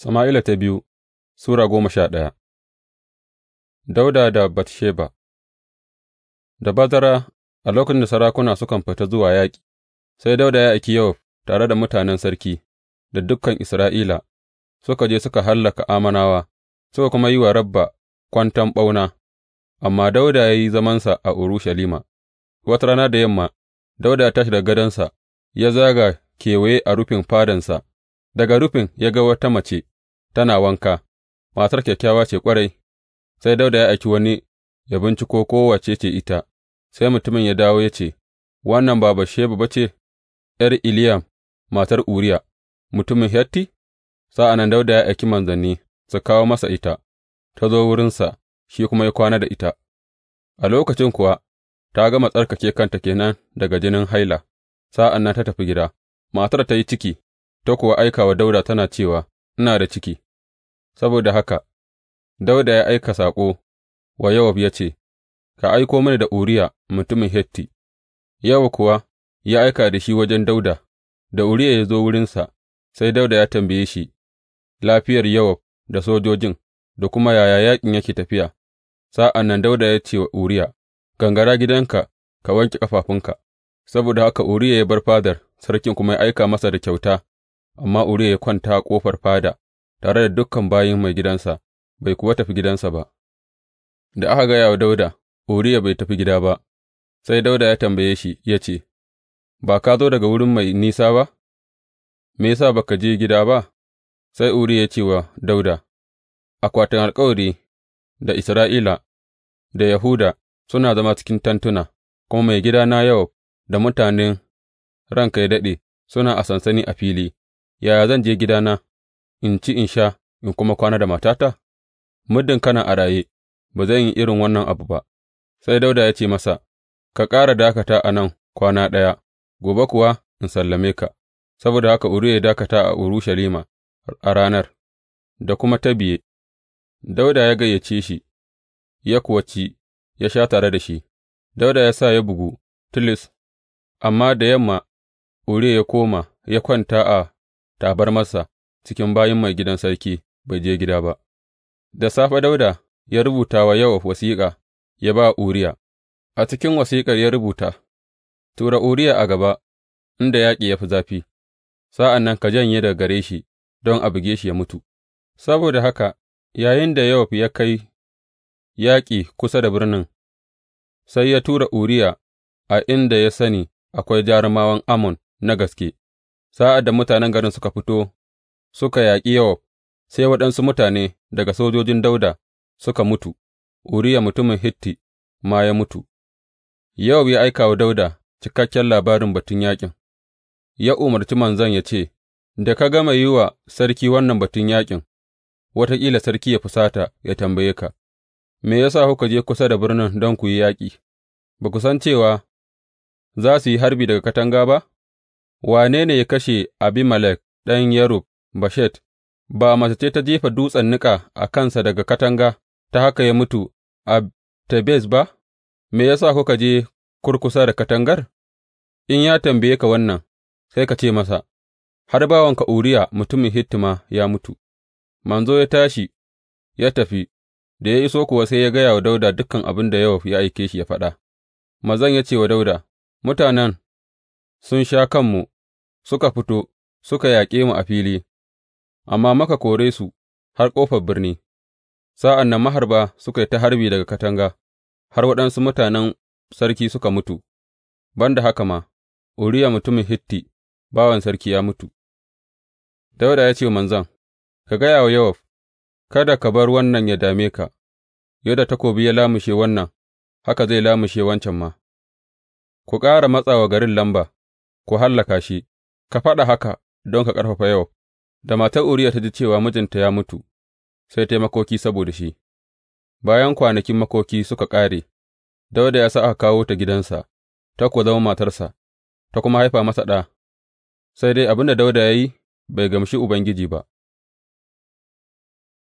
Sama'ila ta biyu Sura goma sha ɗaya Dauda da Batsheba Da bazara a lokacin da sarakuna sukan fita zuwa yaƙi, sai Dauda ya aiki yau tare da mutanen sarki da dukan Isra'ila, suka je suka hallaka amanawa, suka kuma yi wa Rabba kwanton ɓauna, amma Dauda ya yi zamansa a Urushalima. Wata rana da yamma, Dauda ya tashi daga gadonsa, ya zaga kewaye a rufin fadansa. Daga rufin ya ga wata mace tana wanka, matar kyakkyawa ce ƙwarai, sai Dawuda ya aiki wani ya binciko kowace wace ce ita, sai mutumin ya dawo ya ce, Wannan ba bashebu ba ce, ’yar Iliyam, matar Uriya, mutumin Hetti? Sa'an nan Dawuda ya aiki manzanni su kawo masa ita, ta zo wurinsa, shi kuma ya kwana da ita, a lokacin kuwa ta gama tsarkake kanta kenan daga jinin haila, sa'an nan ta tafi gida, matar ta yi ciki. ta kuwa aika wa Dawuda tana cewa, Ina da ciki, saboda haka Dawuda ya aika saƙo wa yawab ya ce, Ka aiko mini da Uriya mutumin hetti Yawa kuwa ya aika da shi wajen Dawuda, da Uriya ya zo wurinsa, sai Dawuda ya tambaye shi lafiyar yawab, da sojojin, da kuma yaya yaƙin yake tafiya. Sa'an nan Dawuda ya ce wa Uriya, Gangara gidanka ka wanke ƙafafunka, saboda haka Uriya ya bar fadar sarkin kuma ya aika masa da kyauta amma Uriya ya kwanta a ƙofar fada tare da dukan bayin mai gidansa, bai kuwa tafi gidansa ba. Da aka gaya wa Dauda, Uriya bai tafi gida ba, sai Dauda ya tambaye shi ya ce, Ba ka zo daga wurin mai nisa ba? Me yasa ba ka je gida ba? Sai Uriya ya ce wa Dauda. Akwatin alkawari da Isra'ila da Yahuda suna zama cikin tantuna, kuma mai gida na yau da mutanen ranka ya daɗe suna a sansani a fili. Yaya zan je gidana in ci in sha in kuma kwana da matata? Muddin kana a raye, ba zan yi irin wannan abu ba. Sai Dauda ya ce masa, Ka ƙara dakata a nan kwana ɗaya, gobe kuwa in sallame ka, saboda haka Uriya ya dakata a Urushalima a ranar, da kuma ta biye, Dauda ya gayyace shi, ya kuwa ci, ya sha tare da shi, Dauda ya sa ya bugu tilis, amma da yamma Uriya ya koma ya kwanta a tabarmarsa cikin bayin mai gidan sarki bai je gida ba. Da safe Dauda ya rubuta wa Yowab wasiƙa ya ba Uriya, a cikin wasiƙar ya rubuta, Tura Uriya a gaba inda yaƙi ya fi zafi, sa'an nan ka janye daga gare shi don a buge shi ya mutu. Saboda haka, yayin da Yowab ya kai yaƙi kusa da birnin, sai ya tura Uriya a inda ya sani akwai jarumawan Amon na gaske. Sa'ad da mutanen garin suka fito suka yaƙi Yowab, sai waɗansu mutane daga sojojin Dawuda suka mutu, Uriya mutumin Hitti ma ya mutu. Yowab ya aika wa Dawuda cikakken labarin batun yaƙin, ya umarci manzan ya ce, Da ka gama yi wa sarki wannan batun yaƙin, wataƙila sarki ya fusata ya tambaye ka, Me ya sa kuka je kusa da birnin don ku yi yaƙi, ba ku san cewa za su yi harbi daga katanga ba? Wane ne ya kashe Abimelek ɗan Yerub Beshet, ba mace ce ta jefa dutsen niƙa a kansa daga katanga ta haka ya mutu a Tebes ba, me ya sa kuka je kurkusa da katangar? In ya tambaye ka wannan, sai ka ce masa, Har bawanka Uriya mutumin Hittima ya mutu, manzo ya tashi ya tafi, da ya iso kuwa sai ya gaya wa Dauda dukan abin da Yowab ya aike shi ya faɗa, mazan ya ce wa Dauda? Mutanen sun sha kanmu, suka fito, suka yaƙe mu a fili, amma maka kore su har ƙofar birni, sa'an nan maharba suka yi ta harbi daga katanga, har waɗansu mutanen sarki suka mutu, ban da haka ma, Uriya mutumin Hitti, bawan sarki ya mutu. Dauda ya ce wa manzon, Ka gaya wa Yowab, kada ka bar wannan ya dame ka, yadda takobi ya lamushe wannan, haka zai lamushe wancan ma, ku ƙara matsa wa garin lamba, ku hallaka shi, ka faɗa haka don ka ƙarfafa yau. Da matar Uriya ta ji cewa mijinta ya mutu, sai ta yi makoki saboda shi. Bayan kwanakin makoki suka ƙare, Dauda ya sa aka kawo ta gidansa, ta kuwa zama matarsa, ta kuma haifa masa ɗa, sai dai abin da Dawuda ya yi bai gamshi Ubangiji ba.